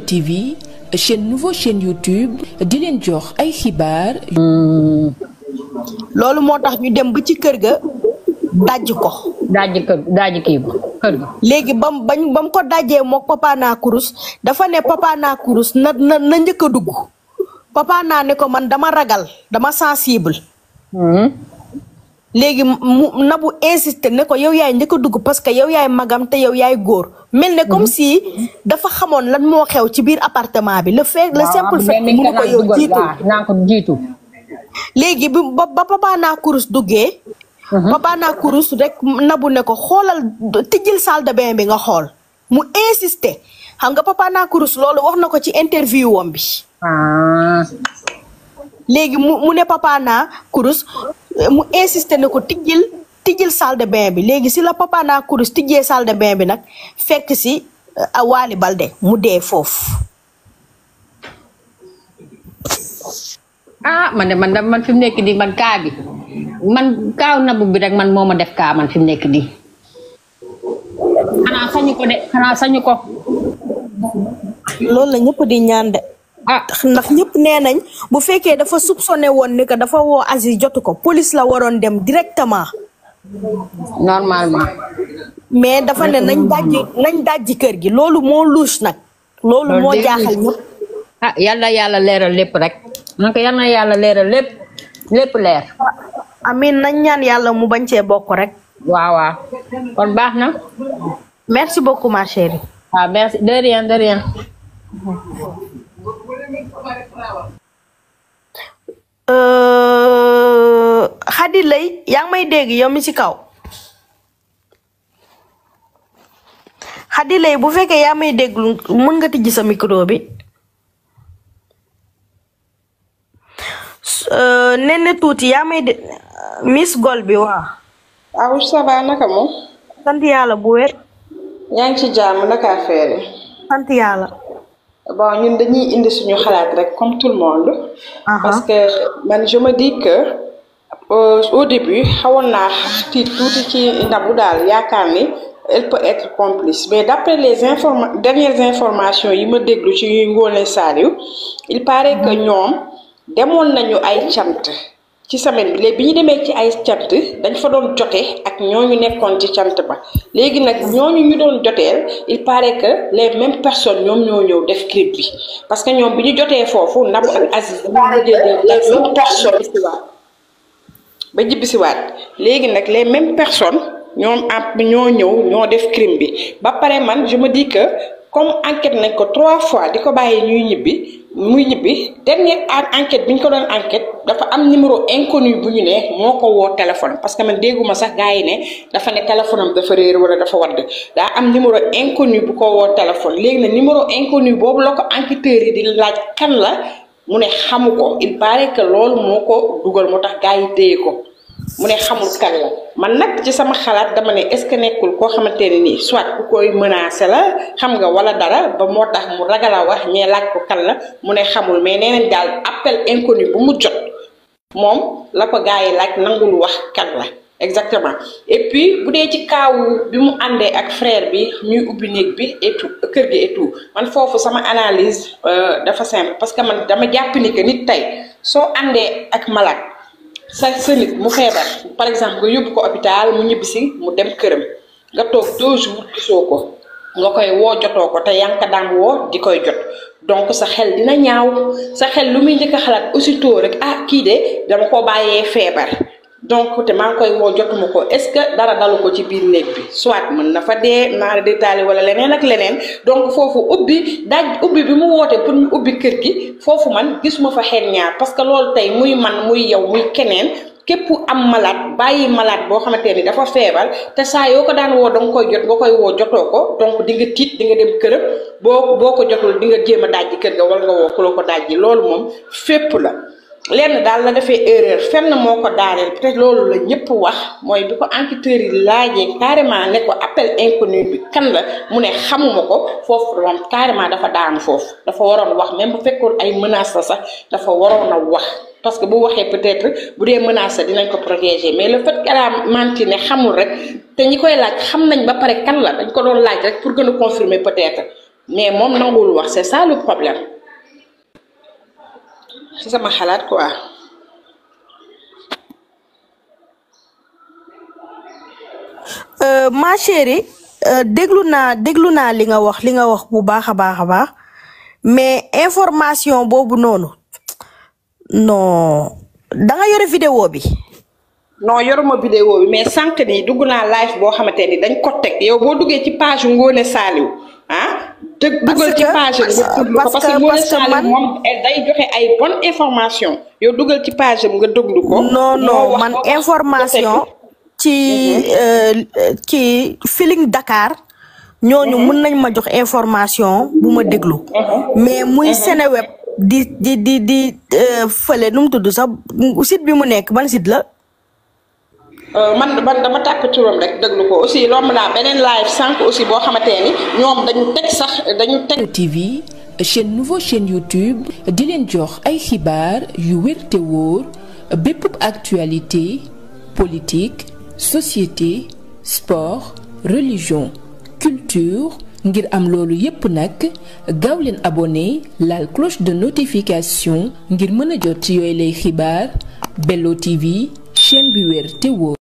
TV chaîne nouveau chaîne YouTube di leen et ay là ñu dem ba ci kër ga ko. kër Papa n'a kurus dafa Papa na kurus na na na Papa na ko dama ragal dama sensible. Hmm. léegi mu nabu insisté ne ko yow yaay njëkk a dugg parce que yow yaay magam te yow yaay góor. mel ne comme mhm. si dafa xamoon lan moo xew ci biir appartement bi. la fait le simple fait mënu ko naa ko jiitu. léegi ba ba Papa duggee. Mhm. Papa Naakourous rek nabu ne ko xoolal tijjil salle de bain bi nga xool. mu insisté xam nga Papa kurus loolu wax na ko ci interview wam bi. Ah. léegi mu ne Papa Naakourous mu insisté ne ko tijjil tijjil salle de bain bi si la papa na kurus tijjee salle de bain bi nak fekk si euh, wali Balde mu dé fof ah man de man de man fim nek di man ka bi man na nabu bi rek man moma def ka man fim nek di ana sañu ko de ana sañu ko. loolu la ñepp di ñaan de. ah ndax ñepp nenañ bu fekke dafa soupçonné won ne que dafa wo Aziz jotu ko police la waron dem directement. normalement. mais dafa né nañ dajji nañ dajji kër gi lolu mo louche nak lolu mo jaaxal ñëpp. ah yalla yalla léral lépp rek. donc yal yalla yàlla leeral lépp lépp lér amin nañ ñaan yalla mu bañ ci bokk rek. waaw waaw kon baxna merci beaucoup ma chérie. ah merci de rien de rien. xadi euh, lay yaa may dégg yow ci kaw xadi lay bu fekkee yaa may déglu mën nga tijji sa micro bi euh, nenne tuuti yaa may dégg miss gol bi waa waaw ah, ça naka moom sant bu wér yaa ngi ci jàmm naka affaire yi bon ñun dañuy indi suñu xalaat rek comme tout le monde. Uh-huh. parce que man je me dis que euh, au début xawoon naa tiit tuuti ci ndabu daal yaakaar ni elle peut être complice mais d' après les informa dernières informations yi ma déglu ci ñuy Ngoné Saliou il paraît que uh-huh. ñoom demoon nañu ay cant ci semaine bi léegi bi ñu demee ci ay cant dañ fa doon jotee ak ñooñu nekkoon ci cant ba léegi nag ñooñu ñu doon joteel il paraît que les mêmes personnes ñoom ñoo ñëw def clip bi parce que ñoom bi ñu jotee foofu Nabou ak Aziz ñu mujjee les mêmes personnes ba jibbisiwaat léegi nag les mêmes personnes ñoom am ñoo ñëw ñoo def crime bi ba pare man je me dis que comme enquête nañ ko trois fois di ko bàyyi ñuy ñibbi muy ñibbi dernière enquête bi ñu ko doon enquête dafa am numéro inconnu bu ñu ne moo ko woo téléphone parce que man dégguma sax gaa yi ne dafa ne téléphone dafa réer wala dafa wadd daa am numéro inconnu bu ko woo téléphone léegi na numéro inconnu boobu la ko enquêteurs yi di laaj kan la mu ne xamu ko il pare que loolu moo ko dugal moo tax gars yi téye ko mu ne xamul kan la man nak ci sama xalaat dama ne est-ce que nekkul koo xamante ne soit ku koy menacé la xam nga wala dara ba moo tax mu ragala wax ñee laaj ko kan la mu ne xamul mais nee nañ daal appel inconnu bu mu jot moom la ko gars yi laaj nangul wax kan la exactement et puis bu dee ci kaawu bi mu àndee ak frère bi ñuy ubbi néeg bi et tout kër gi et tout man foofu sama analyse euh, dafa simple parce que man dama jàpp ni que nit tey soo àndee ak malade. sa sa mu feebar par exemple nga yóbbu ko hôpital mu ñibbisi mu dem këram nga toog deux jours gisoo ko nga koy woo jotoo ko te yaa ngi daan woo di koy jot donc sa xel dina ñaaw sa xel lu muy njëkk a xalaat aussitôt rek ah kii de dama koo bàyyee feebar. donc te maa ngi koy woo jotuma ko est-ce que dara dalu ko ci biir néeg bi soit mën na fa dee naara détaillé wala leneen ak leneen donc foofu ubbi daaj ubbi bi mu woote pour ñu ubbi kër gi foofu man gisuma fa xel ñaar parce que loolu tey muy man muy yow muy keneen képp am malade bàyyi malaat boo xamante ni dafa feebar te saa yoo ko daan woo danga koy jot nga koy woo jotoo ko donc di nga tiit di nga dem këram boo boo ko jotul di nga jéem a daaj kër ga wala nga woo ku ko daaj ji loolu moom fépp la. lenn daal la defee erreur fenn moo ko daaneel peut-être loolu la ñëpp wax mooy bi ko enquêteurs yi laajee carrément ne ko appel inconnu bi kan la mu ne xamuma ko foofu moom carrément dafa daanu foofu dafa waroon wax même bu fekkul ay menaces la sax dafa waroon a wax parce que bu waxee peut-être bu dee menace la dinañ ko protéger mais le fait qu'elle a menti ne xamul rek te ñi koy laaj xam nañ ba pare kan la dañ ko doon laaj rek pour gën a confirmer peut-être mais moom nangul wax c'est ça le problème. ci sama xalaat quoi ah. euh, ma chérie euh, déglu naa déglu naa li nga wax li nga wax bu baax a baax a baax mais information boobu noonu non da nga yore vidéo bi non yoruma vidéo bi mais sànq nii dugg naa live boo xamante ni dañ ko teg yow boo duggee ci page Ngoné Saliou ah te dugal ci page am parce que parce que man information yow dugal ci page am nga déglu ko. non non man information. ci mhm. euh, ci Feeling Dakar. ñooñu mun mhm. nañ ma jox information bu ma déglu. Mhm. mais muy Seneweb di di di di euh, fële nu mu tudd sax site bi mu nekk ban site la. Euh, man man live TV chaîne nouveau chaîne YouTube di ay actualité politique société sport religion culture ngir am abonné la cloche de notification ngir Bello TV chaîne bi